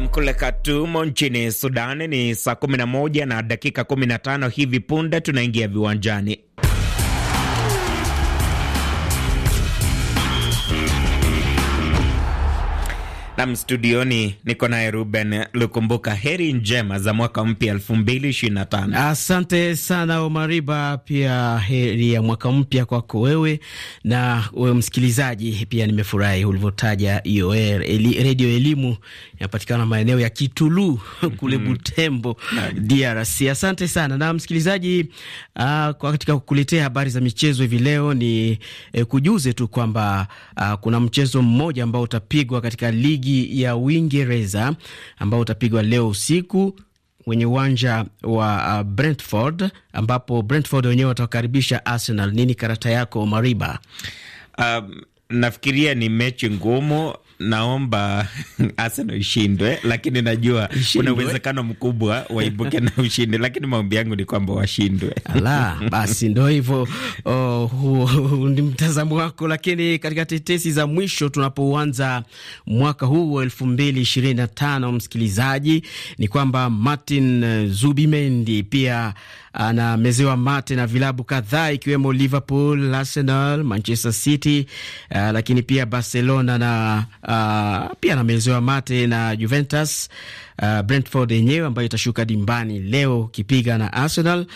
Nam kule Khartoum nchini Sudani ni saa 11 na dakika 15 hivi punde tunaingia viwanjani. Nam studioni niko naye Ruben Lukumbuka. Heri njema za mwaka mpya elfu mbili ishirini na tano. Asante sana Omariba, pia heri ya mwaka mpya kwako wewe na wewe msikilizaji pia. Nimefurahi ulivyotaja hiyo eli, redio elimu inapatikana maeneo ya Kitulu mhm. kule mm -hmm. Butembo DRC. Asante sana na msikilizaji, uh, katika kukuletea habari za michezo hivi leo ni eh, kujuze tu kwamba uh, kuna mchezo mmoja ambao utapigwa katika ligi ligi ya Uingereza ambao utapigwa leo usiku wenye uwanja wa uh, Brentford, ambapo Brentford wenyewe watawakaribisha Arsenal. Nini karata yako Mariba? Um, nafikiria ni mechi ngumu naomba Arsenal ishindwe, lakini najua kuna uwezekano mkubwa waibuke na ushindi, lakini maombi yangu ni kwamba washindwe. Ala, basi ndo hivyo. Oh, ni mtazamo wako, lakini katika tetesi za mwisho tunapoanza mwaka huu wa elfu mbili ishirini na tano, msikilizaji, ni kwamba Martin Zubimendi pia anamezewa mate na vilabu kadhaa ikiwemo Liverpool, Arsenal, Manchester City, uh, lakini pia Barcelona na uh, pia anamezewa mate na Juventus, uh, Brentford yenyewe ambayo itashuka dimbani leo kipiga na Arsenal,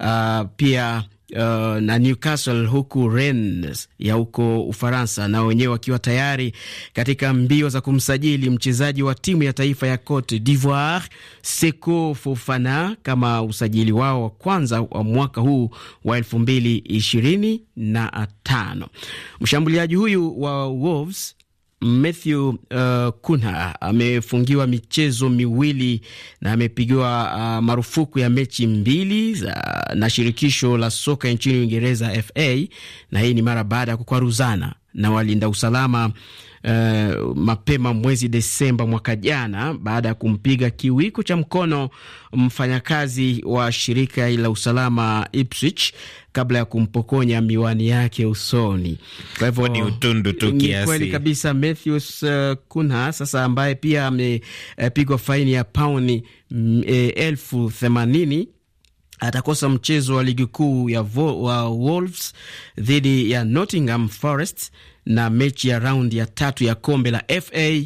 uh, pia uh, na Newcastle huku Rennes ya huko Ufaransa na wenyewe wakiwa tayari katika mbio za kumsajili mchezaji wa timu ya taifa ya Cote d'Ivoire Seko Fofana kama usajili wao wa kwanza wa mwaka huu wa elfu mbili ishirini na tano. Mshambuliaji huyu wa Wolves Matthew uh, Cunha amefungiwa michezo miwili na amepigiwa uh, marufuku ya mechi mbili za, na shirikisho la soka nchini Uingereza FA, na hii ni mara baada ya kukwaruzana na walinda usalama uh, mapema mwezi Desemba mwaka jana baada ya kumpiga kiwiko cha mkono mfanyakazi wa shirika la usalama Ipswich kabla ya kumpokonya miwani yake usoni. Kwa hivyo ni oh, utundu tu kiasi. Ni kweli kabisa Matthews uh, Kunha sasa ambaye pia amepigwa uh, faini ya pauni mm, eh, elfu themanini atakosa mchezo wa ligi kuu ya Wolves dhidi ya Nottingham Forest na mechi ya raundi ya tatu ya kombe la FA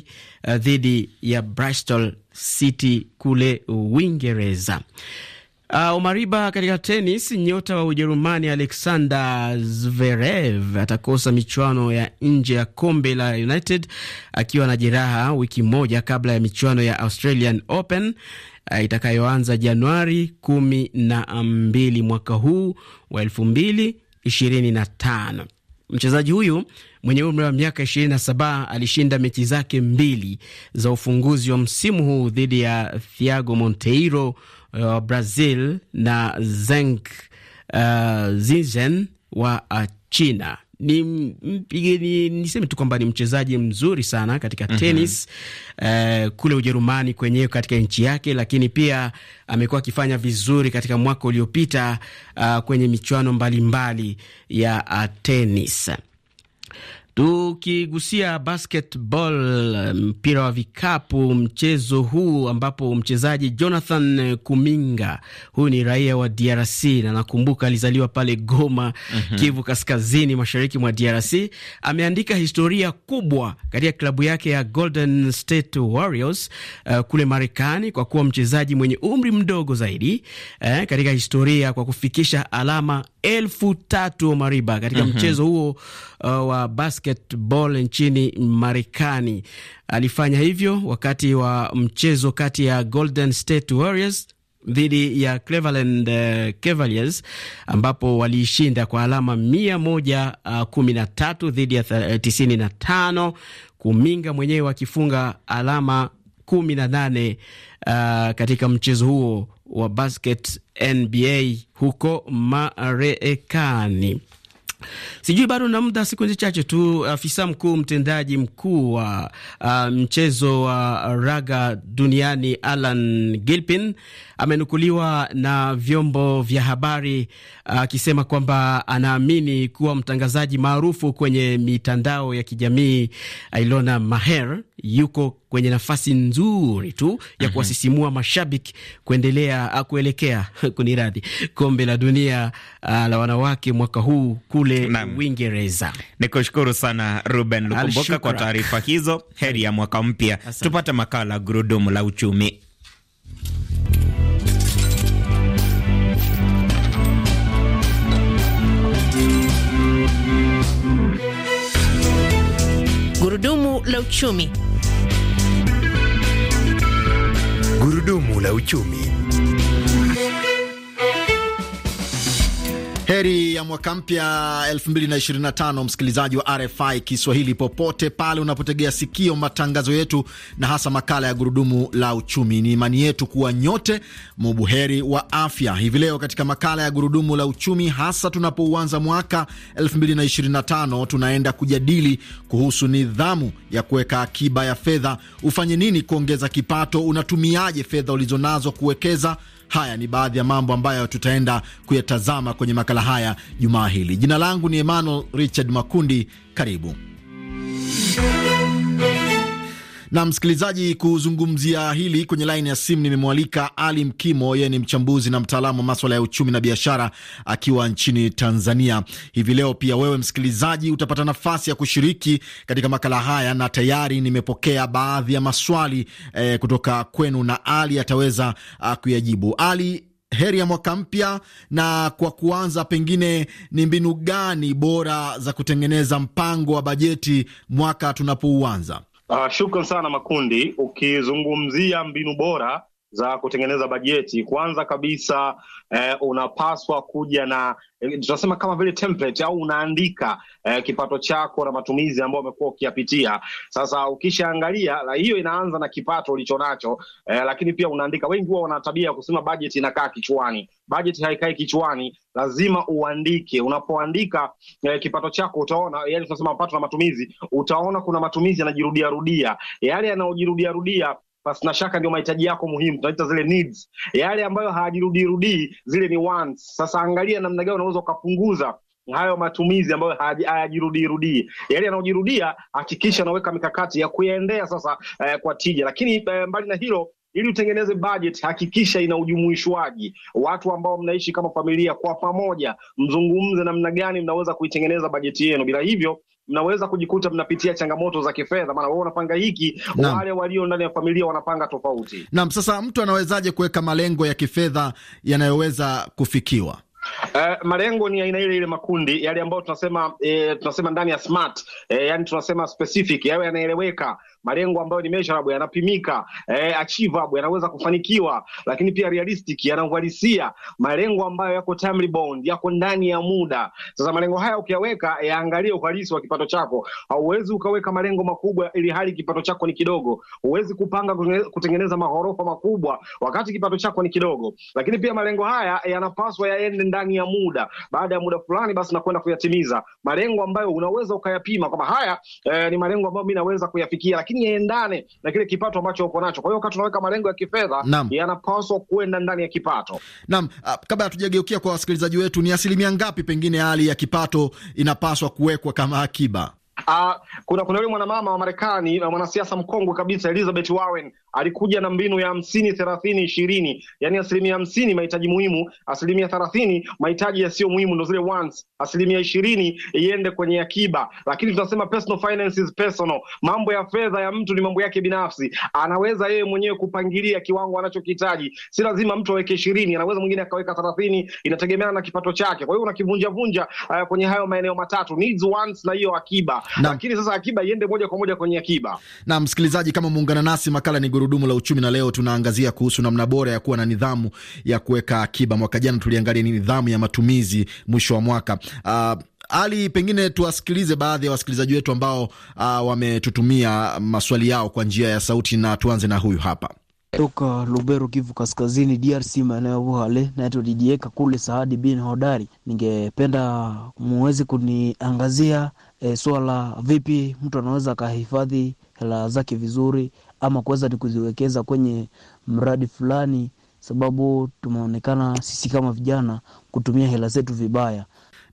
uh, dhidi ya Bristol City kule Uingereza. Uh, Omariba, katika tenis, nyota wa Ujerumani Alexander Zverev atakosa michuano ya nje ya kombe la United akiwa na jeraha wiki moja kabla ya michuano ya Australian Open uh, itakayoanza Januari kumi na mbili mwaka huu wa elfu mbili ishirini na tano. Mchezaji huyu mwenye umri wa miaka 27 alishinda mechi zake mbili za ufunguzi wa msimu huu dhidi ya Thiago Monteiro uh, wa uh, Brazil na Zeng uh, Zinzen wa uh, China. Ni mpige ni, niseme tu kwamba ni mchezaji mzuri sana katika mm -hmm. tenis uh, kule Ujerumani kwenyewe katika nchi yake, lakini pia amekuwa akifanya vizuri katika mwaka uliopita uh, kwenye michuano mbalimbali mbali ya uh, tenis. Tukigusia basketball, mpira wa vikapu, mchezo huu ambapo mchezaji Jonathan Kuminga, huyu ni raia wa DRC na nakumbuka alizaliwa pale Goma, mm -hmm. Kivu Kaskazini, mashariki mwa DRC, ameandika historia kubwa katika klabu yake ya Golden State Warriors uh, kule Marekani, kwa kuwa mchezaji mwenye umri mdogo zaidi eh, katika historia kwa kufikisha alama elfu tatu Mariba katika mm -hmm. mchezo huo uh, wa basketball nchini Marekani. Alifanya hivyo wakati wa mchezo kati ya Golden State Warriors dhidi ya Cleveland uh, Cavaliers ambapo waliishinda kwa alama mia moja uh, kumi na tatu dhidi ya uh, tisini na tano kuminga mwenyewe akifunga alama kumi na nane uh, katika mchezo huo wa basket NBA huko Marekani. Sijui bado na muda, siku chache tu. Afisa mkuu mtendaji mkuu wa uh, mchezo wa uh, raga duniani Alan Gilpin amenukuliwa na vyombo vya habari uh, akisema uh, kwamba anaamini kuwa mtangazaji maarufu kwenye mitandao ya kijamii Ilona Maher yuko kwenye nafasi nzuri tu ya mhm. kuwasisimua mashabiki kuendelea ah, kuelekea radhi kombe la dunia uh, la wanawake mwaka huu kule Uingereza. Ni kushukuru sana Ruben Lukumbuka kwa taarifa hizo. Heri ya mwaka mpya. Tupate makala gurudumu la uchumi. Gurudumu la uchumi gurudumu la uchumi. Heri ya mwaka mpya 2025 msikilizaji wa RFI Kiswahili popote pale unapotegea sikio matangazo yetu na hasa makala ya gurudumu la uchumi. Ni imani yetu kuwa nyote mubuheri wa afya. Hivi leo katika makala ya gurudumu la uchumi, hasa tunapouanza mwaka 2025, tunaenda kujadili kuhusu nidhamu ya kuweka akiba ya fedha. Ufanye nini kuongeza kipato? Unatumiaje fedha ulizonazo kuwekeza Haya ni baadhi ya mambo ambayo tutaenda kuyatazama kwenye makala haya jumaa hili. Jina langu ni Emmanuel Richard Makundi, karibu. Na msikilizaji, kuzungumzia hili kwenye laini ya simu nimemwalika Ali Mkimo, yeye ni mchambuzi na mtaalamu wa maswala ya uchumi na biashara akiwa nchini Tanzania. Hivi leo pia wewe msikilizaji utapata nafasi ya kushiriki katika makala haya, na tayari nimepokea baadhi ya maswali eh, kutoka kwenu na Ali ataweza uh, kuyajibu. Ali, heri ya mwaka mpya. Na kwa kuanza, pengine ni mbinu gani bora za kutengeneza mpango wa bajeti mwaka tunapouanza? Uh, shukran sana Makundi. Ukizungumzia mbinu bora za kutengeneza bajeti. Kwanza kabisa eh, unapaswa kuja na eh, tunasema kama vile template au unaandika eh, kipato chako na matumizi ambayo umekuwa ukiyapitia. Sasa ukishaangalia hiyo, inaanza na kipato ulicho nacho eh, lakini pia unaandika. Wengi huwa wana tabia ya kusema bajeti inakaa kichwani. Bajeti haikai kichwani, lazima uandike. Unapoandika eh, kipato chako utaona, yani tunasema mapato na matumizi, utaona kuna matumizi yanajirudia rudia, yale yanayojirudia rudia pasi na shaka ndio mahitaji yako muhimu, tunaita zile needs, yale ambayo hayajirudirudii, zile ni wants. Sasa angalia namna gani unaweza ukapunguza hayo matumizi ambayo hayajirudirudii. Yale yanayojirudia hakikisha unaweka mikakati ya kuyaendea sasa eh, kwa tija. Lakini eh, mbali na hilo ili utengeneze budget, hakikisha ina ujumuishwaji. Watu ambao mnaishi kama familia kwa pamoja, mzungumze namna gani mnaweza kuitengeneza bajeti yenu. Bila hivyo mnaweza kujikuta mnapitia changamoto za kifedha, maana wewe unapanga hiki, wale walio ndani ya familia wanapanga tofauti. Naam, sasa mtu anawezaje kuweka malengo ya kifedha yanayoweza kufikiwa? Uh, malengo ni aina ile ile makundi yale ambayo tunasema eh, tunasema ndani ya smart eh, yani tunasema specific, yawe yanaeleweka, malengo ambayo ni measurable, yanapimika, eh, achievable, yanaweza kufanikiwa, lakini pia realistic, yanauhalisia, malengo ambayo yako time bound, yako ndani ya muda. Sasa malengo haya ukiyaweka, yaangalie eh, uhalisi wa kipato chako. Hauwezi ukaweka malengo makubwa ili hali kipato chako ni kidogo. Huwezi kupanga kutengeneza mahorofa makubwa wakati kipato chako ni kidogo. Lakini pia malengo haya eh, yanapaswa yaende ndani ya muda, baada ya muda fulani, basi nakwenda kuyatimiza malengo ambayo unaweza ukayapima kwamba haya eh, ni malengo ambayo mimi naweza kuyafikia, lakini yaendane na kile kipato ambacho uko nacho. Kwa hiyo wakati unaweka malengo ya kifedha yanapaswa kuenda ndani ya kipato. Naam, ah, kabla hatujageukia kwa wasikilizaji wetu, ni asilimia ngapi pengine hali ya kipato inapaswa kuwekwa kama akiba? Uh, kuna kuna yule mwanamama wa Marekani na mwanasiasa mkongwe kabisa Elizabeth Warren alikuja na mbinu ya hamsini thelathini ishirini yani asilimia hamsini mahitaji muhimu, asilimia thelathini mahitaji yasiyo muhimu, ndo zile wants, asilimia ishirini iende kwenye akiba. Lakini tunasema personal finance is personal, mambo ya fedha ya mtu ni mambo yake binafsi, anaweza yeye mwenyewe kupangilia kiwango anachokihitaji. Si lazima mtu aweke ishirini, anaweza mwingine akaweka thelathini, inategemeana na kipato chake. Kwa hiyo unakivunjavunja uh, kwenye hayo maeneo matatu needs, wants na hiyo akiba na. Lakini sasa akiba iende moja kwa moja kwenye akiba. Na msikilizaji, kama muungana nasi makala ni guru gurudumu la uchumi, na leo tunaangazia kuhusu namna bora ya kuwa na nidhamu ya kuweka akiba. Mwaka jana tuliangalia ni nidhamu ya matumizi mwisho wa mwaka. Uh, ah, ali pengine tuwasikilize baadhi ya wasikilizaji wetu ambao uh, wametutumia maswali yao kwa njia ya sauti, na tuanze na huyu hapa toka Lubero, Kivu Kaskazini, DRC, maeneo Buhale, naitwa Didieka kule Saadi bin Hodari. Ningependa muweze kuniangazia e, swala vipi mtu anaweza akahifadhi hela zake vizuri ama kuweza ni kuziwekeza kwenye mradi fulani, sababu tumeonekana sisi kama vijana kutumia hela zetu vibaya.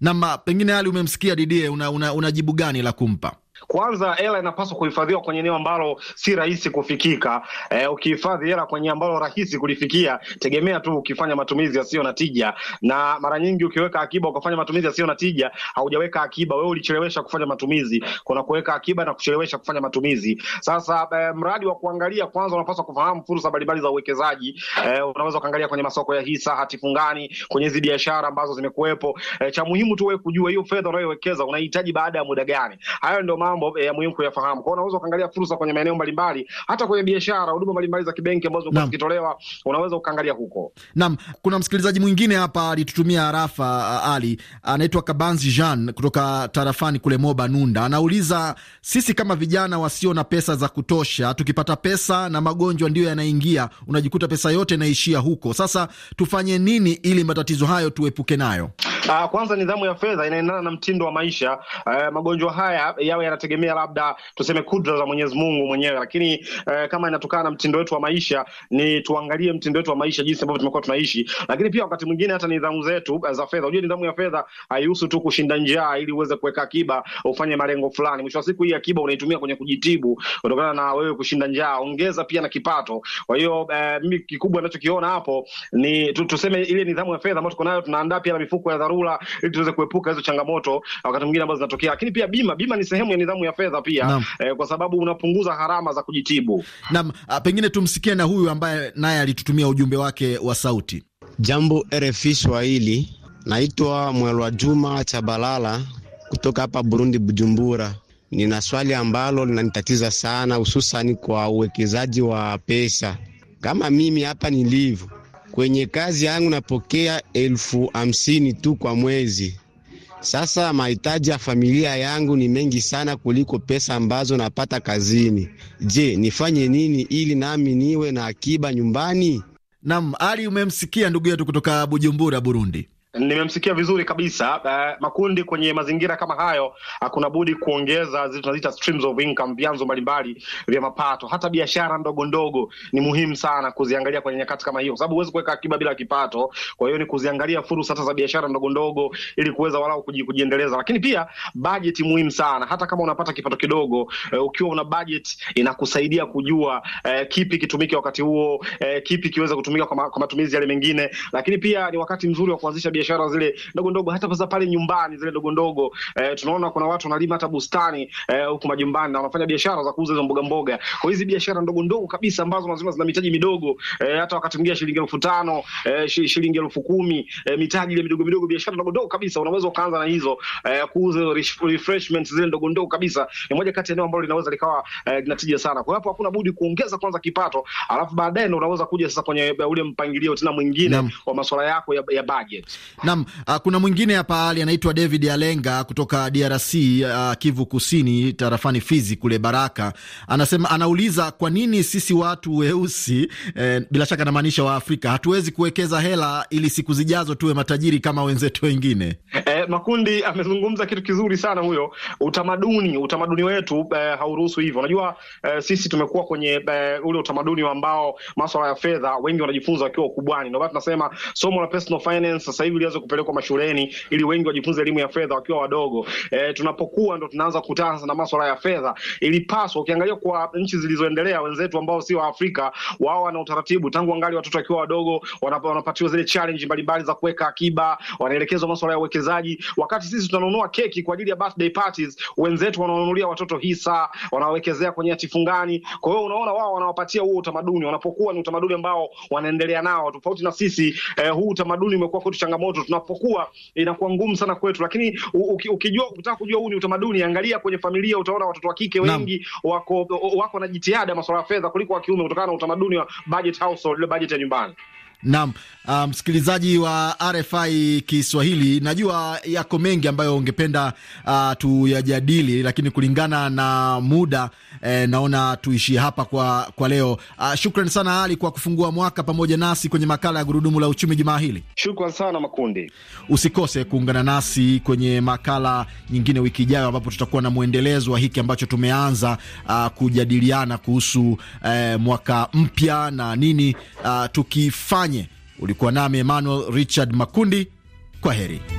Nam, pengine hali umemsikia Didie, una, una, una jibu gani la kumpa? Kwanza hela inapaswa kuhifadhiwa kwenye eneo ambalo si rahisi kufikika. E, ukihifadhi hela kwenye ambalo rahisi kulifikia, tegemea tu ukifanya matumizi yasiyo na tija. Na mara nyingi ukiweka akiba ukafanya matumizi yasiyo na tija, haujaweka akiba, wewe ulichelewesha kufanya matumizi. Kuna kuweka akiba na kuchelewesha kufanya matumizi. Sasa e, mradi wa kuangalia kwanza, unapaswa kufahamu fursa mbalimbali za uwekezaji. E, unaweza kuangalia kwenye masoko ya hisa, hati fungani, kwenye hizi biashara ambazo zimekuwepo. E, cha muhimu tu wewe kujua hiyo fedha unayowekeza unahitaji baada ya muda gani. Hayo ndio mambo mambo ya eh, muhimu kuyafahamu. Kwa hiyo unaweza ukaangalia fursa kwenye maeneo mbalimbali, hata kwenye biashara, huduma mbalimbali za kibenki ambazo zimekuwa zikitolewa, unaweza ukaangalia huko. Naam, kuna msikilizaji mwingine hapa alitutumia harafa Ali, anaitwa Kabanzi Jean kutoka tarafani kule Moba Nunda, anauliza sisi kama vijana wasio na pesa za kutosha, tukipata pesa na magonjwa ndiyo yanaingia, unajikuta pesa yote inaishia huko. Sasa tufanye nini ili matatizo hayo tuepuke nayo? Uh, kwanza nidhamu ya fedha inaendana na mtindo wa maisha. Uh, magonjwa haya yawe yanategemea labda tuseme kudra za Mwenyezi Mungu mwenyewe, lakini uh, kama inatokana na mtindo wetu wa maisha, ni tuangalie mtindo wetu wa maisha, jinsi ambavyo tumekuwa tunaishi. Lakini pia wakati mwingine hata nidhamu zetu uh, za fedha, unajua nidhamu ya fedha haihusu tu kushinda njaa ili uweze kuweka akiba ufanye malengo fulani. Mwisho wa siku, hii akiba unaitumia kwenye kujitibu kutokana na wewe kushinda njaa, ongeza pia na kipato. Kwa hiyo uh, mimi kikubwa ninachokiona hapo ni tuseme ile nidhamu ya fedha ambayo tuko nayo, tunaandaa pia na mifuko ya dharura dharura, ili tuweze kuepuka hizo changamoto wakati mwingine ambazo zinatokea. Lakini pia bima, bima ni sehemu ya nidhamu ya fedha pia eh, kwa sababu unapunguza gharama za kujitibu. Naam, ah, pengine tumsikie na huyu ambaye naye alitutumia ujumbe wake wa sauti. Jambo RFI Swahili, naitwa Mwelwa Juma Chabalala kutoka hapa Burundi, Bujumbura. Nina swali ambalo linanitatiza sana, hususani kwa uwekezaji wa pesa. Kama mimi hapa nilivyo, Kwenye kazi yangu napokea elfu hamsini tu kwa mwezi. Sasa mahitaji ya familia yangu ni mengi sana kuliko pesa ambazo napata kazini. Je, nifanye nini ili nami niwe na akiba nyumbani? nam Ali, umemsikia ndugu yetu kutoka Bujumbura, Burundi. Nimemsikia vizuri kabisa. Uh, makundi kwenye mazingira kama hayo hakuna budi kuongeza zile tunaziita streams of income, vyanzo mbalimbali vya mapato. Hata biashara ndogo ndogo ni muhimu sana kuziangalia kwenye nyakati kama hiyo, kwa sababu huwezi kuweka akiba bila kipato. Kwa hiyo ni kuziangalia fursa hata za biashara ndogo ndogo ili kuweza walau kujiendeleza, lakini pia budget muhimu sana. Hata kama unapata kipato kidogo, uh, ukiwa una budget inakusaidia kujua uh, kipi kitumike wakati huo, uh, kipi kiweze kutumika kwa matumizi yale mengine, lakini pia ni wakati mzuri wa kuanzisha biashara biashara zile ndogo ndogo, hata za pale nyumbani zile ndogo ndogo. eh, tunaona kuna watu wanalima hata bustani eh, huko e, majumbani na wanafanya biashara za kuuza hizo mboga mboga. Kwa hizi biashara ndogo ndogo kabisa ambazo lazima zina mitaji midogo eh, hata wakati mwingine shilingi elfu tano e, shilingi elfu kumi e, mitaji ile midogo midogo, biashara ndogo ndogo kabisa unaweza ukaanza na hizo eh, kuuza refreshments zile ndogo ndogo kabisa. Ni moja kati ya eneo ambalo linaweza likawa e, linatija sana. Kwa hapo hakuna budi kuongeza kwanza kipato, alafu baadaye ndio unaweza kuja sasa kwenye ule mpangilio tena mwingine wa masuala yako ya, ya budget. Naam, ah, kuna mwingine hapa ali anaitwa David Alenga kutoka DRC, uh, ah, Kivu Kusini, tarafani Fizi kule Baraka. Anasema, anauliza kwa nini sisi watu weusi, eh, bila shaka anamaanisha wa Afrika, hatuwezi kuwekeza hela ili siku zijazo tuwe matajiri kama wenzetu wengine. Eh, Makundi amezungumza kitu kizuri sana huyo. Utamaduni, utamaduni wetu eh, hauruhusu hivyo. Unajua eh, sisi tumekuwa kwenye eh, ule utamaduni ambao maswala ya fedha wengi wanajifunza wakiwa ukubwani. Ndio maana tunasema somo la personal finance sasa hivi elimu ilianza kupelekwa mashuleni ili wengi wajifunze elimu ya fedha wakiwa wadogo. E, tunapokuwa ndo tunaanza kutana na masuala ya fedha. Ilipaswa ukiangalia kwa nchi zilizoendelea wenzetu ambao sio Afrika, wao wana utaratibu tangu angali watoto wakiwa wadogo wanapatiwa zile challenge mbalimbali za kuweka akiba, wanaelekezwa masuala ya uwekezaji. Wakati sisi tunanunua keki kwa ajili ya birthday parties, wenzetu wananunulia watoto hisa, wanawekezea kwenye hatifungani. Kwa hiyo unaona wao wanawapatia huo utamaduni, wanapokuwa ni utamaduni ambao wanaendelea nao, tofauti na sisi eh, huu utamaduni umekuwa kwetu changamoto changamoto tunapokuwa, inakuwa ngumu sana kwetu, lakini ukijua, ukitaka kujua huu ni utamaduni, angalia kwenye familia, utaona watoto wa kike wengi wako wako na jitihada masuala ya fedha kuliko wa kiume, kutokana na utamaduni wa budget household, ile budget ya nyumbani. Naam, ah, msikilizaji wa RFI Kiswahili, najua yako mengi ambayo ungependa uh, tuyajadili, lakini kulingana na muda eh, naona tuishie hapa kwa, kwa leo. Uh, ah, shukran sana Ali kwa kufungua mwaka pamoja nasi kwenye makala ya gurudumu la uchumi jumaa hili. Shukran sana Makundi. Usikose kuungana nasi kwenye makala nyingine wiki ijayo, ambapo tutakuwa na mwendelezo wa hiki ambacho tumeanza uh, kujadiliana kuhusu uh, mwaka mpya na nini uh, tukifanya Ulikuwa nami Emmanuel Richard Makundi. Kwa heri.